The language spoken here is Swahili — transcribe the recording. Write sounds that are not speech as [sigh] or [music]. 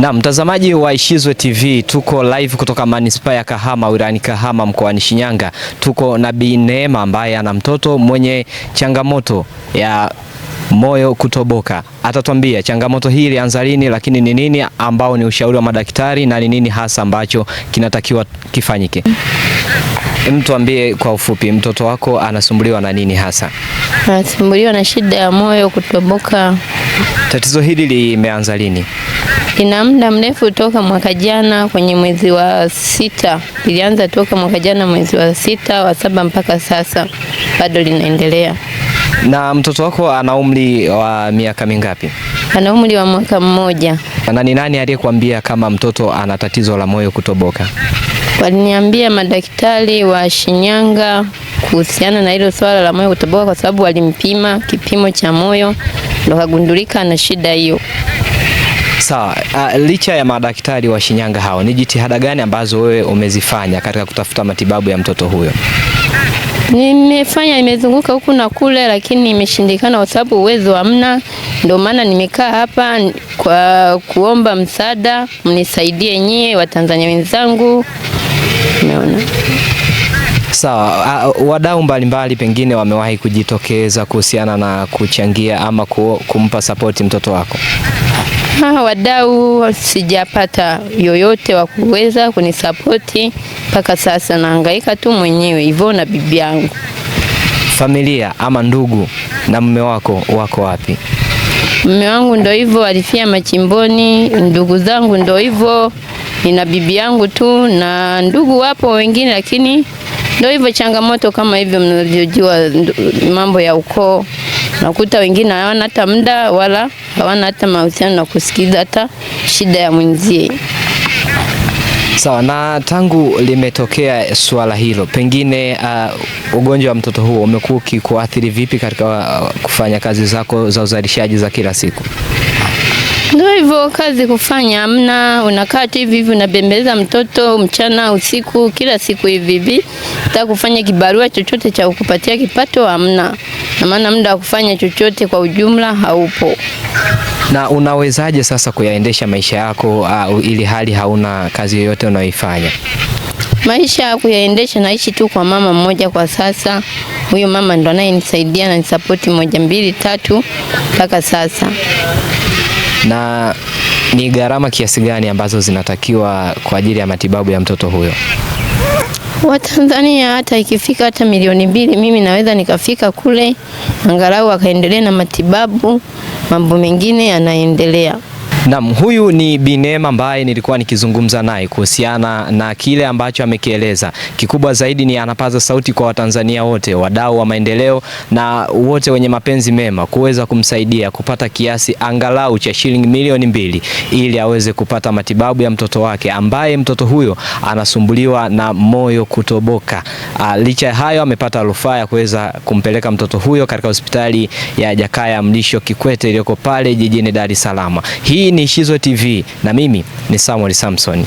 Na mtazamaji wa Ishizwe TV tuko live kutoka manispaa ya Kahama wilayani Kahama mkoani Shinyanga. Tuko na Bi Neema ambaye ana mtoto mwenye changamoto ya moyo kutoboka. Atatuambia changamoto hii ilianza lini, lakini ni nini ambao ni ushauri wa madaktari na ni nini hasa ambacho kinatakiwa kifanyike. Mtuambie kwa ufupi, mtoto wako anasumbuliwa na nini hasa? Anasumbuliwa na shida ya moyo kutoboka. Tatizo hili limeanza lini? ina muda mrefu toka mwaka jana kwenye mwezi wa sita, lilianza toka mwaka jana mwezi wa sita wa saba mpaka sasa bado linaendelea. Na mtoto wako ana umri wa miaka mingapi? Ana umri wa mwaka mmoja. Na ni nani aliyekuambia kama mtoto ana tatizo la moyo kutoboka? Waliniambia madaktari wa Shinyanga kuhusiana na hilo swala la moyo kutoboka, kwa sababu walimpima kipimo cha moyo ndo kagundulika na shida hiyo. Sawa. Uh, licha ya madaktari wa Shinyanga hao, ni jitihada gani ambazo wewe umezifanya katika kutafuta matibabu ya mtoto huyo? Nimefanya, nimezunguka huku na kule, lakini nimeshindikana kwa sababu uwezo hamna. Ndio maana nimekaa hapa kwa kuomba msaada, mnisaidie nyie Watanzania wenzangu. Umeona? Sawa. So, uh, ah, wadau mbalimbali pengine wamewahi kujitokeza kuhusiana na kuchangia ama ku, kumpa sapoti mtoto wako? [laughs] Wadau sijapata yoyote wa kuweza kunisapoti mpaka sasa, naangaika tu mwenyewe hivyo na bibi yangu. Familia ama ndugu na mume wako wako wapi? Mume wangu ndo hivyo alifia machimboni, ndugu zangu ndo hivyo, nina bibi yangu tu na ndugu wapo wengine, lakini ndo hivyo changamoto kama hivyo mnavyojua mambo ya ukoo, nakuta wengine hawana hata muda wala hawana hata mahusiano na kusikiza hata shida ya mwenzie. Sawa. Na tangu limetokea suala hilo, pengine uh, ugonjwa wa mtoto huo umekuwa ukikuathiri vipi katika uh, kufanya kazi zako za uzalishaji za kila siku? Ndio hivyo, kazi kufanya hamna, unakaa tu hivi hivi, unabembeleza mtoto mchana usiku, kila siku hivi hivi. hata kufanya kibarua chochote cha kukupatia kipato hamna, na maana muda wa kufanya chochote kwa ujumla haupo. Na unawezaje sasa kuyaendesha maisha yako uh, ili hali hauna kazi yoyote unayoifanya? Maisha ya kuyaendesha, naishi tu kwa mama mmoja kwa sasa. Huyo mama ndo anayenisaidia na nisapoti moja mbili tatu mpaka sasa na ni gharama kiasi gani ambazo zinatakiwa kwa ajili ya matibabu ya mtoto huyo? Watanzania hata ikifika hata milioni mbili, mimi naweza nikafika kule angalau akaendelea na matibabu, mambo mengine yanaendelea. Naam, huyu ni Bi Neema ambaye nilikuwa nikizungumza naye kuhusiana na kile ambacho amekieleza. Kikubwa zaidi ni anapaza sauti kwa Watanzania wote, wadau wa maendeleo na wote wenye mapenzi mema kuweza kumsaidia kupata kiasi angalau cha shilingi milioni mbili ili aweze kupata matibabu ya mtoto wake ambaye mtoto huyo anasumbuliwa na moyo kutoboka. A, licha ya hayo amepata rufaa ya kuweza kumpeleka mtoto huyo katika hospitali ya Jakaya Mlisho Kikwete iliyoko pale jijini Dar es Salaam. Hii hii ni Shizo TV na mimi ni Samuel Samson.